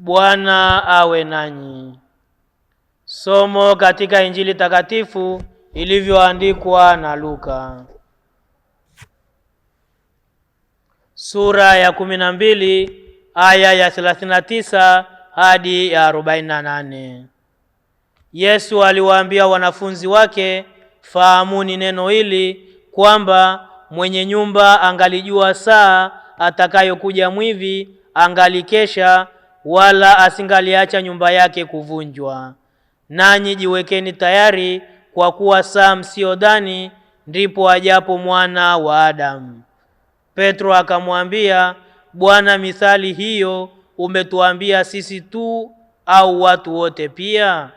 Bwana awe nanyi. Somo katika Injili takatifu ilivyoandikwa na Luka. Sura ya kumi na mbili aya ya thelathini na tisa hadi ya arobaini na nane. Yesu aliwaambia wanafunzi wake, fahamuni neno hili kwamba mwenye nyumba angalijua saa atakayokuja mwivi, angalikesha wala asingaliacha nyumba yake kuvunjwa. Nanyi jiwekeni tayari, kwa kuwa saa msiodhani ndipo ajapo mwana wa Adamu. Petro akamwambia, Bwana, mithali hiyo umetuambia sisi tu au watu wote pia?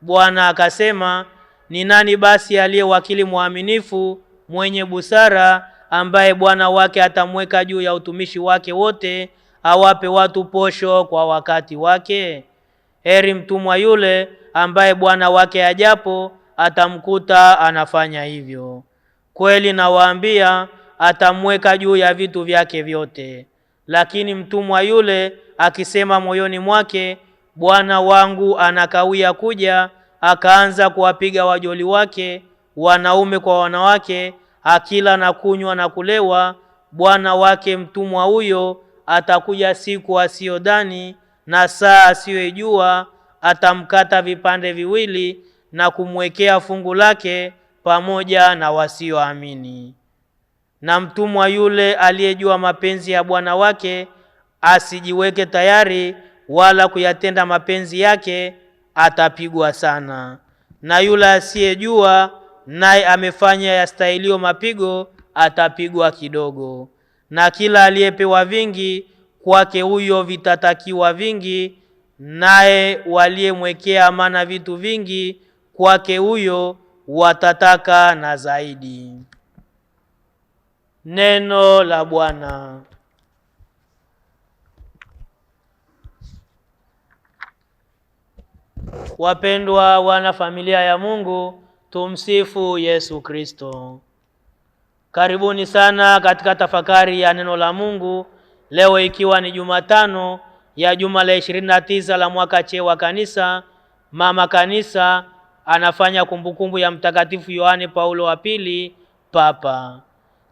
Bwana akasema, ni nani basi aliye wakili mwaminifu mwenye busara ambaye bwana wake atamweka juu ya utumishi wake wote awape watu posho kwa wakati wake. Heri mtumwa yule ambaye bwana wake ajapo atamkuta anafanya hivyo. Kweli nawaambia, atamweka juu ya vitu vyake vyote. Lakini mtumwa yule akisema moyoni mwake, bwana wangu anakawia kuja, akaanza kuwapiga wajoli wake wanaume kwa wanawake, akila na kunywa na kulewa, bwana wake mtumwa huyo atakuja siku asiyodhani na saa asiyoijua, atamkata vipande viwili na kumwekea fungu lake pamoja na wasioamini. Na mtumwa yule aliyejua mapenzi ya bwana wake asijiweke tayari wala kuyatenda mapenzi yake, atapigwa sana. Na yule asiyejua naye amefanya yastahilio mapigo, atapigwa kidogo na kila aliyepewa vingi kwake huyo vitatakiwa vingi, naye waliyemwekea amana vitu vingi kwake huyo watataka na zaidi. Neno la Bwana. Wapendwa wana familia ya Mungu, tumsifu Yesu Kristo. Karibuni sana katika tafakari ya neno la Mungu leo, ikiwa ni Jumatano ya juma la ishirini na tisa la mwaka C wa Kanisa. Mama Kanisa anafanya kumbukumbu ya Mtakatifu Yohane Paulo wa Pili, Papa.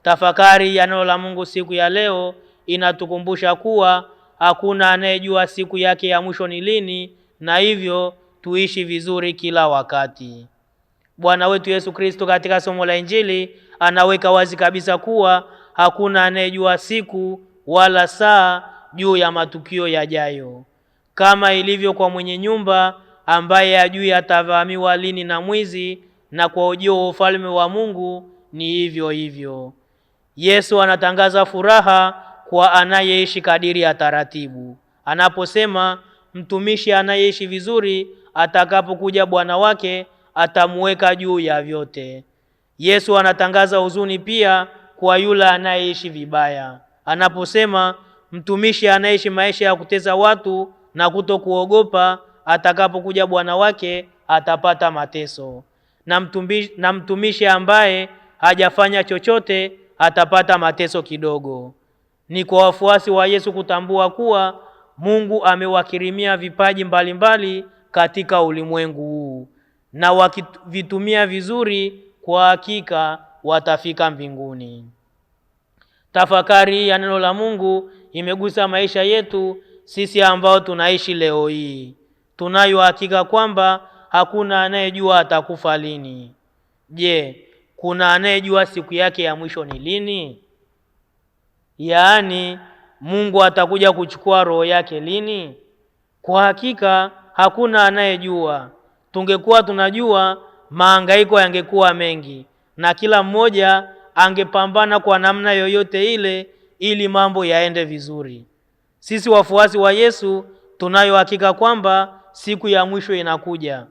Tafakari ya neno la Mungu siku ya leo inatukumbusha kuwa hakuna anayejua siku yake ya mwisho ni lini, na hivyo tuishi vizuri kila wakati. Bwana wetu Yesu Kristo katika somo la Injili anaweka wazi kabisa kuwa hakuna anayejua siku wala saa juu ya matukio yajayo, kama ilivyo kwa mwenye nyumba ambaye ajui atavamiwa lini na mwizi, na kwa ujio wa ufalme wa Mungu ni hivyo hivyo. Yesu anatangaza furaha kwa anayeishi kadiri ya taratibu, anaposema mtumishi anayeishi vizuri atakapokuja bwana wake atamweka juu ya vyote. Yesu anatangaza huzuni pia kwa yule anayeishi vibaya, anaposema mtumishi anayeishi maisha ya kuteza watu na kuto kuogopa atakapokuja bwana wake atapata mateso, na mtumishi, na mtumishi ambaye hajafanya chochote atapata mateso kidogo. Ni kwa wafuasi wa Yesu kutambua kuwa Mungu amewakirimia vipaji mbalimbali mbali katika ulimwengu huu na wakivitumia vizuri, kwa hakika watafika mbinguni. Tafakari ya neno la Mungu imegusa maisha yetu sisi ambao tunaishi leo hii. Tunayo hakika kwamba hakuna anayejua atakufa lini. Je, kuna anayejua siku yake ya mwisho ni lini? Yaani, Mungu atakuja kuchukua roho yake lini? Kwa hakika hakuna anayejua tungekuwa tunajua mahangaiko yangekuwa mengi, na kila mmoja angepambana kwa namna yoyote ile ili mambo yaende vizuri. Sisi wafuasi wa Yesu tunayo hakika kwamba siku ya mwisho inakuja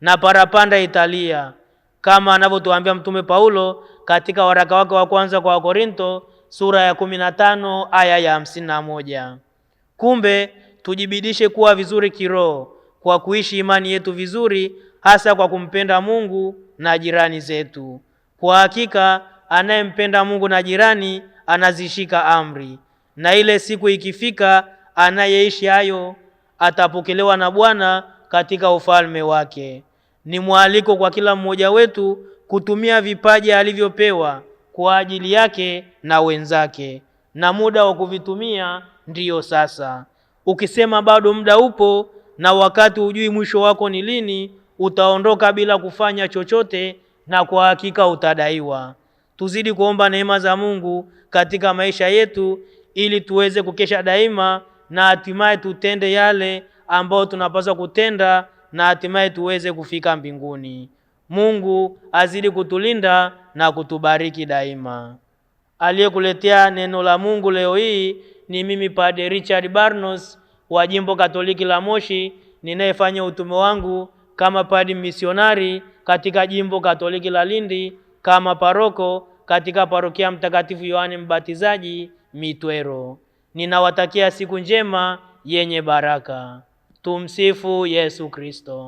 na parapanda italia, kama anavyotuambia Mtume Paulo katika waraka wake wa kwanza kwa Wakorinto sura ya 15 aya ya moja. Kumbe tujibidishe kuwa vizuri kiroho kwa kuishi imani yetu vizuri, hasa kwa kumpenda Mungu na jirani zetu. Kwa hakika anayempenda Mungu na jirani anazishika amri, na ile siku ikifika, anayeishi hayo atapokelewa na Bwana katika ufalme wake. Ni mwaliko kwa kila mmoja wetu kutumia vipaji alivyopewa kwa ajili yake na wenzake, na muda wa kuvitumia ndiyo sasa. Ukisema bado muda upo na wakati hujui mwisho wako ni lini, utaondoka bila kufanya chochote na kwa hakika utadaiwa. Tuzidi kuomba neema za Mungu katika maisha yetu ili tuweze kukesha daima na hatimaye tutende yale ambayo tunapaswa kutenda na hatimaye tuweze kufika mbinguni. Mungu azidi kutulinda na kutubariki daima. Aliyekuletea neno la Mungu leo hii ni mimi Padre Richard Barnos wa jimbo Katoliki la Moshi ninayefanya utume wangu kama padi misionari katika jimbo Katoliki la Lindi kama paroko katika parokia Mtakatifu Yohane Mbatizaji Mitwero. Ninawatakia siku njema yenye baraka. Tumsifu Yesu Kristo.